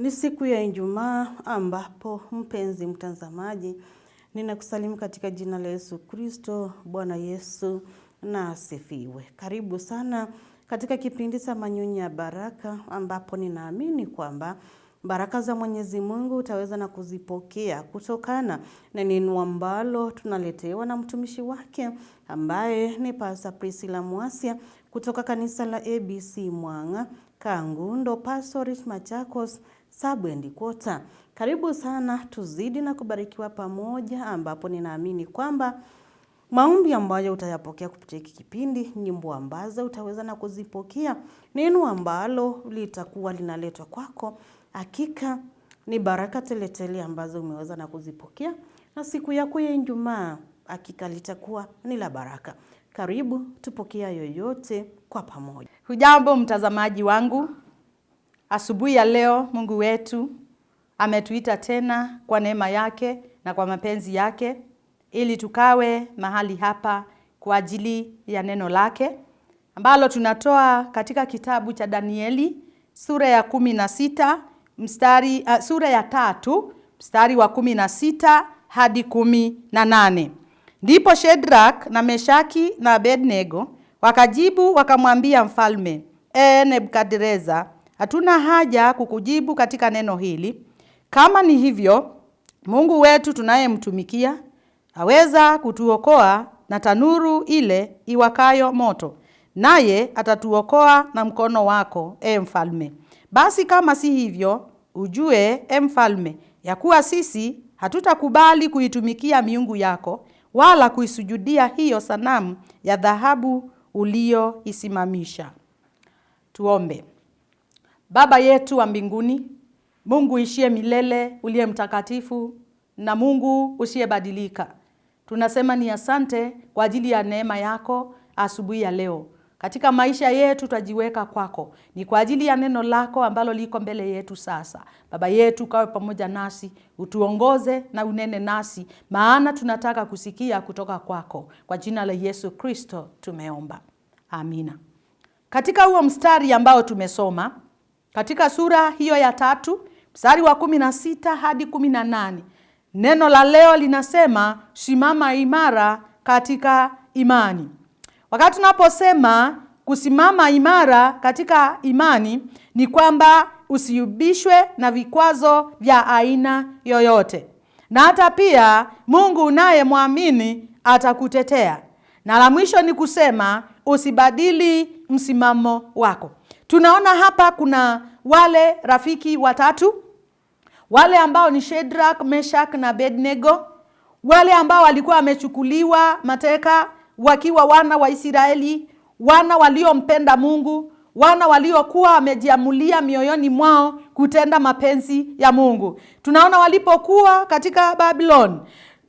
Ni siku ya Ijumaa ambapo mpenzi mtazamaji, ninakusalimu katika jina la Yesu Kristo. Bwana Yesu na asifiwe. Karibu sana katika kipindi cha Manyunyu ya Baraka, ambapo ninaamini kwamba baraka za Mwenyezi Mungu utaweza na kuzipokea kutokana na neno ambalo tunaletewa na mtumishi wake ambaye ni Pasa Priscilla Mwasia kutoka kanisa la ABC Mwanga Kangundo, Pastor Rich Machakos Sabu and Kota. Karibu sana, tuzidi na kubarikiwa pamoja, ambapo ninaamini kwamba maombi ambayo utayapokea kupitia hiki kipindi, nyimbo ambazo utaweza na kuzipokea, neno ambalo litakuwa linaletwa kwako, hakika ni baraka teletele ambazo umeweza na kuzipokea, na siku yako ya Ijumaa hakika litakuwa ni la baraka. Karibu tupokea yoyote kwa pamoja. Hujambo mtazamaji wangu Asubuhi ya leo Mungu wetu ametuita tena kwa neema yake na kwa mapenzi yake ili tukawe mahali hapa kwa ajili ya neno lake ambalo tunatoa katika kitabu cha Danieli sura ya kumi na sita mstari uh, sura ya tatu mstari wa kumi na sita hadi kumi na nane. Ndipo Shedrak na Meshaki na Abednego wakajibu wakamwambia mfalme, E Nebukadreza, Hatuna haja kukujibu katika neno hili. Kama ni hivyo, Mungu wetu tunayemtumikia aweza kutuokoa na tanuru ile iwakayo moto, naye atatuokoa na mkono wako, e mfalme. Basi kama si hivyo, ujue e mfalme, ya kuwa sisi hatutakubali kuitumikia miungu yako wala kuisujudia hiyo sanamu ya dhahabu uliyoisimamisha. Tuombe. Baba yetu wa mbinguni, Mungu ishie milele, uliye mtakatifu na Mungu usiyebadilika, tunasema ni asante kwa ajili ya neema yako asubuhi ya leo. Katika maisha yetu twajiweka kwako, ni kwa ajili ya neno lako ambalo liko mbele yetu sasa. Baba yetu, kawe pamoja nasi, utuongoze na unene nasi, maana tunataka kusikia kutoka kwako. Kwa jina la Yesu Kristo tumeomba, amina. Katika huo mstari ambao tumesoma katika sura hiyo ya tatu mstari wa kumi na sita hadi kumi na nane neno la leo linasema simama imara katika imani. Wakati tunaposema kusimama imara katika imani ni kwamba usiyubishwe na vikwazo vya aina yoyote, na hata pia Mungu unayemwamini atakutetea. Na la mwisho ni kusema usibadili msimamo wako. Tunaona hapa kuna wale rafiki watatu, wale ambao ni Shadrach, meshak na bednego wale ambao walikuwa wamechukuliwa mateka wakiwa wana wa Israeli, wana waliompenda Mungu, wana waliokuwa wamejiamulia mioyoni mwao kutenda mapenzi ya Mungu. Tunaona walipokuwa katika Babylon,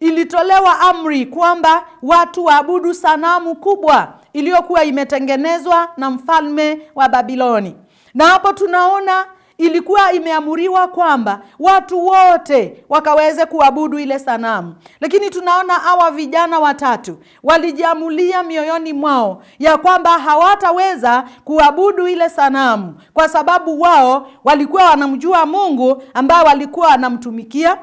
ilitolewa amri kwamba watu waabudu sanamu kubwa iliyokuwa imetengenezwa na mfalme wa Babiloni. Na hapo tunaona ilikuwa imeamuriwa kwamba watu wote wakaweze kuabudu ile sanamu, lakini tunaona hawa vijana watatu walijiamulia mioyoni mwao ya kwamba hawataweza kuabudu ile sanamu, kwa sababu wao walikuwa wanamjua Mungu ambaye walikuwa wanamtumikia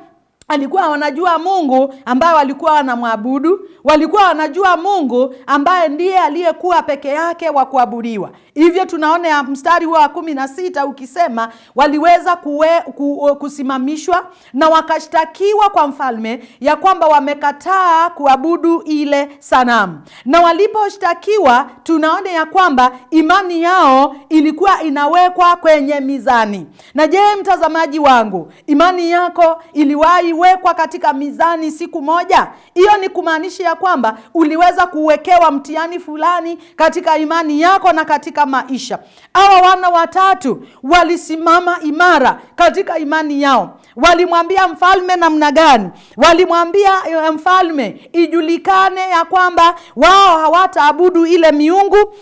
alikuwa wanajua Mungu ambaye walikuwa wanamwabudu, walikuwa wanajua Mungu ambaye ndiye aliyekuwa peke yake wa kuabudiwa. Hivyo tunaona mstari huo wa kumi na sita ukisema waliweza kuwe, ku, kusimamishwa na wakashtakiwa kwa mfalme ya kwamba wamekataa kuabudu ile sanamu, na waliposhtakiwa tunaona ya kwamba imani yao ilikuwa inawekwa kwenye mizani. Na je, mtazamaji wangu, imani yako iliwahi uliwekwa katika mizani siku moja, hiyo ni kumaanisha ya kwamba uliweza kuwekewa mtihani fulani katika imani yako na katika maisha. Hawa wana watatu walisimama imara katika imani yao. Walimwambia mfalme namna gani? Walimwambia eh, mfalme ijulikane ya kwamba wao hawataabudu ile miungu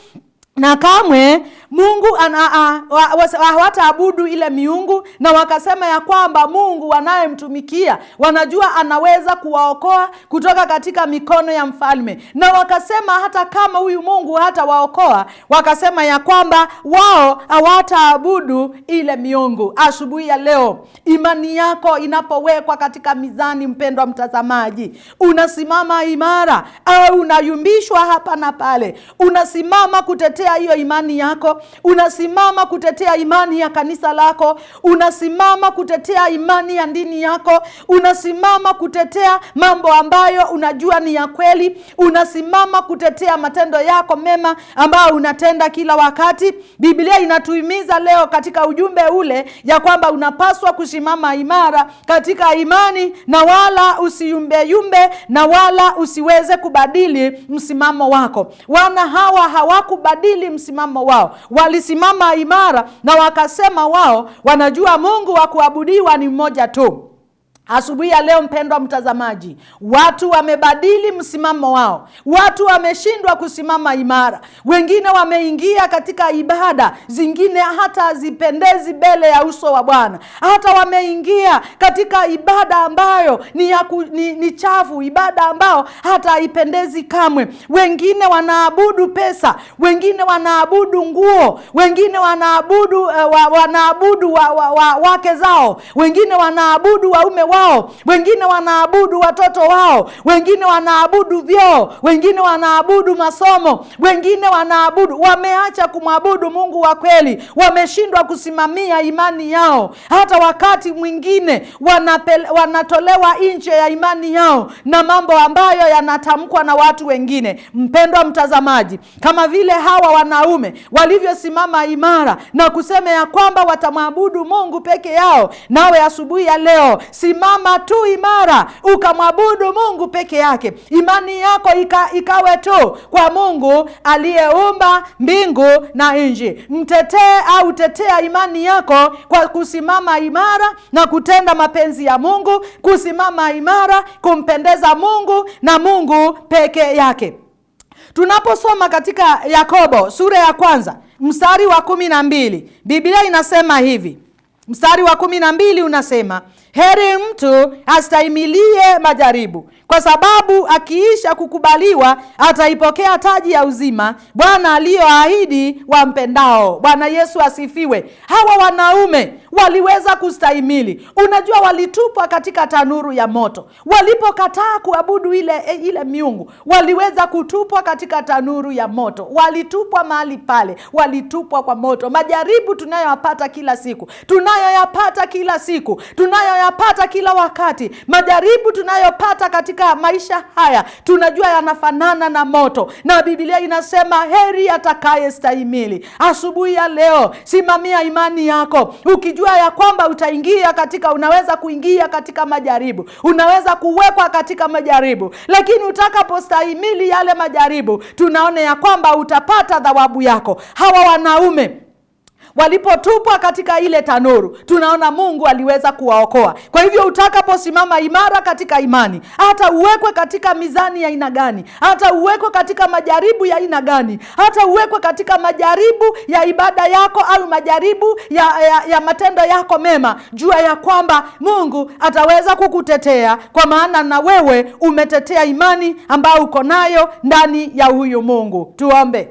na kamwe Mungu hawataabudu ile miungu, na wakasema ya kwamba Mungu wanayemtumikia wanajua anaweza kuwaokoa kutoka katika mikono ya mfalme, na wakasema hata kama huyu Mungu hatawaokoa, wakasema ya kwamba wao hawataabudu ile miungu. Asubuhi ya leo, imani yako inapowekwa katika mizani, mpendwa mtazamaji, unasimama imara au unayumbishwa hapa na pale? Unasimama kutetea hiyo imani yako unasimama kutetea imani ya kanisa lako, unasimama kutetea imani ya dini yako, unasimama kutetea mambo ambayo unajua ni ya kweli, unasimama kutetea matendo yako mema ambayo unatenda kila wakati. Biblia inatuhimiza leo katika ujumbe ule ya kwamba unapaswa kusimama imara katika imani na wala usiyumbeyumbe na wala usiweze kubadili msimamo wako. Wana hawa hawakubadili msimamo wao, walisimama imara na wakasema wao wanajua Mungu wa kuabudiwa ni mmoja tu. Asubuhi ya leo, mpendwa mtazamaji, watu wamebadili msimamo wao, watu wameshindwa kusimama imara, wengine wameingia katika ibada zingine hata hazipendezi mbele ya uso wa Bwana, hata wameingia katika ibada ambayo ni, yaku, ni, ni chafu, ibada ambayo hata haipendezi kamwe. Wengine wanaabudu pesa, wengine wanaabudu nguo, wengine wanaabudu uh, wa, wanaabudu wa, wa, wa, wake zao, wengine wanaabudu waume wa wao, wengine wanaabudu watoto wao, wengine wanaabudu vyoo, wengine wanaabudu masomo, wengine wanaabudu. Wameacha kumwabudu Mungu wa kweli, wameshindwa kusimamia imani yao. Hata wakati mwingine wanapele, wanatolewa nje ya imani yao na mambo ambayo yanatamkwa na watu wengine. Mpendwa mtazamaji, kama vile hawa wanaume walivyosimama imara na kusema ya kwamba watamwabudu Mungu peke yao, nawe asubuhi ya leo si simama tu imara, ukamwabudu Mungu peke yake, imani yako ika, ikawe tu kwa Mungu aliyeumba mbingu na nji Mtetee au tetea imani yako kwa kusimama imara na kutenda mapenzi ya Mungu, kusimama imara kumpendeza Mungu na Mungu peke yake. Tunaposoma katika Yakobo sura ya kwanza mstari wa kumi na mbili Biblia inasema hivi, mstari wa kumi na mbili unasema Heri mtu astahimilie majaribu kwa sababu akiisha kukubaliwa ataipokea taji ya uzima Bwana aliyoahidi wampendao. Bwana Yesu asifiwe. Hawa wanaume waliweza kustahimili. Unajua, walitupwa katika tanuru ya moto walipokataa kuabudu ile, eh, ile miungu, waliweza kutupwa katika tanuru ya moto, walitupwa mahali pale, walitupwa kwa moto. Majaribu tunayoyapata kila siku, tunayoyapata kila siku, tunayoyapata kila wakati, majaribu tunayopata katika katika maisha haya tunajua yanafanana na moto, na Biblia inasema heri atakaye stahimili. Asubuhi ya leo simamia imani yako ukijua ya kwamba utaingia katika, unaweza kuingia katika majaribu, unaweza kuwekwa katika majaribu, lakini utakapostahimili yale majaribu, tunaona ya kwamba utapata thawabu yako. Hawa wanaume walipotupwa katika ile tanuru, tunaona Mungu aliweza kuwaokoa. Kwa hivyo utakaposimama imara katika imani, hata uwekwe katika mizani ya aina gani, hata uwekwe katika majaribu ya aina gani, hata uwekwe katika majaribu ya ibada yako au majaribu ya, ya, ya matendo yako mema, jua ya kwamba Mungu ataweza kukutetea, kwa maana na wewe umetetea imani ambayo uko nayo ndani ya huyu Mungu. Tuombe.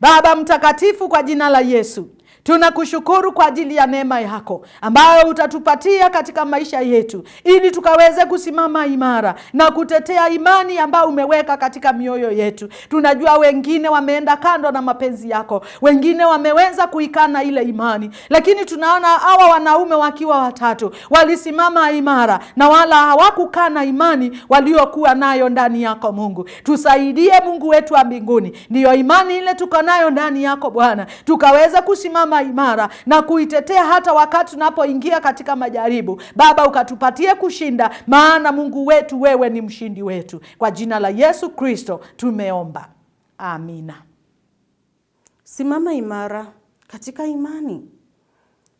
Baba mtakatifu, kwa jina la Yesu Tunakushukuru kwa ajili ya neema yako ambayo utatupatia katika maisha yetu, ili tukaweze kusimama imara na kutetea imani ambayo umeweka katika mioyo yetu. Tunajua wengine wameenda kando na mapenzi yako, wengine wameweza kuikana ile imani, lakini tunaona hawa wanaume wakiwa watatu walisimama imara na wala hawakukana imani waliokuwa nayo ndani yako. Mungu tusaidie, Mungu wetu wa mbinguni, ndiyo imani ile tuko nayo ndani yako Bwana, tukaweza kusimama kusimama imara na kuitetea hata wakati tunapoingia katika majaribu. Baba, ukatupatie kushinda, maana Mungu wetu, wewe ni mshindi wetu. Kwa jina la Yesu Kristo tumeomba, amina. Simama imara katika imani,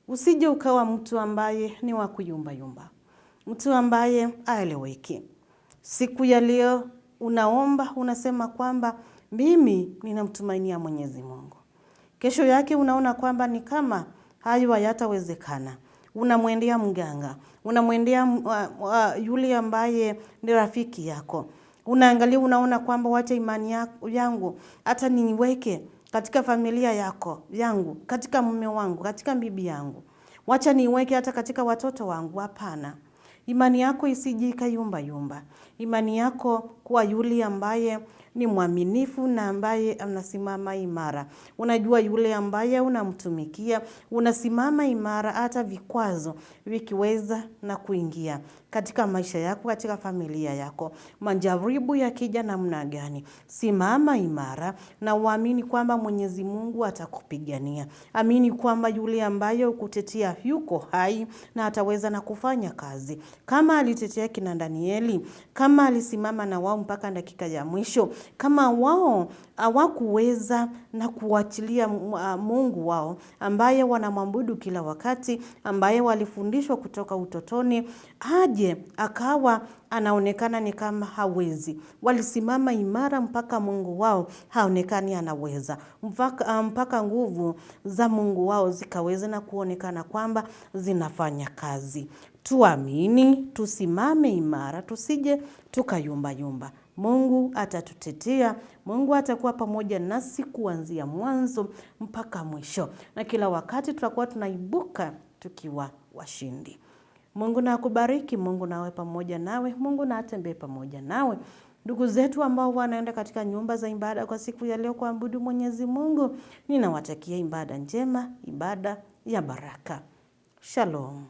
usije ukawa mtu ambaye ni wa kuyumbayumba, mtu ambaye aeleweki. Siku ya leo unaomba, unasema kwamba mimi ninamtumainia Mwenyezi Mungu. Kesho yake unaona kwamba ni kama hayo hayatawezekana, unamwendea mganga, unamwendea uh, uh, yule ambaye ni rafiki yako, unaangalia, unaona kwamba wacha imani yangu hata niweke katika familia yako yangu, katika mume wangu, katika bibi yangu, wacha niweke hata katika watoto wangu. Hapana, imani yako isijika yumba yumba, imani yako kuwa yule ambaye ni mwaminifu na ambaye anasimama imara. Unajua yule ambaye unamtumikia unasimama imara hata vikwazo vikiweza na kuingia katika maisha yako, katika familia yako. Majaribu yakija namna gani, simama imara na uamini kwamba Mwenyezi Mungu atakupigania. Amini kwamba yule ambaye ukutetea yuko hai na ataweza na kufanya kazi. Kama alitetea kina Danieli, kama alisimama na wao mpaka dakika ya mwisho, kama wao hawakuweza na kuachilia Mungu wao ambaye wanamwabudu kila wakati, ambaye walifundishwa kutoka utotoni hadi yeye akawa anaonekana ni kama hawezi. Walisimama imara mpaka Mungu wao haonekani anaweza, mpaka, ah, mpaka nguvu za Mungu wao zikaweza na kuonekana kwamba zinafanya kazi. Tuamini, tusimame imara, tusije tukayumbayumba. Mungu atatutetea. Mungu atakuwa pamoja nasi kuanzia mwanzo mpaka mwisho, na kila wakati tutakuwa tunaibuka tukiwa washindi. Mungu na akubariki, Mungu nawe pamoja nawe, Mungu na atembee pamoja nawe. Ndugu zetu ambao wanaenda katika nyumba za ibada kwa siku ya leo kuabudu Mwenyezi Mungu, ninawatakia ibada njema, ibada ya baraka. Shalom.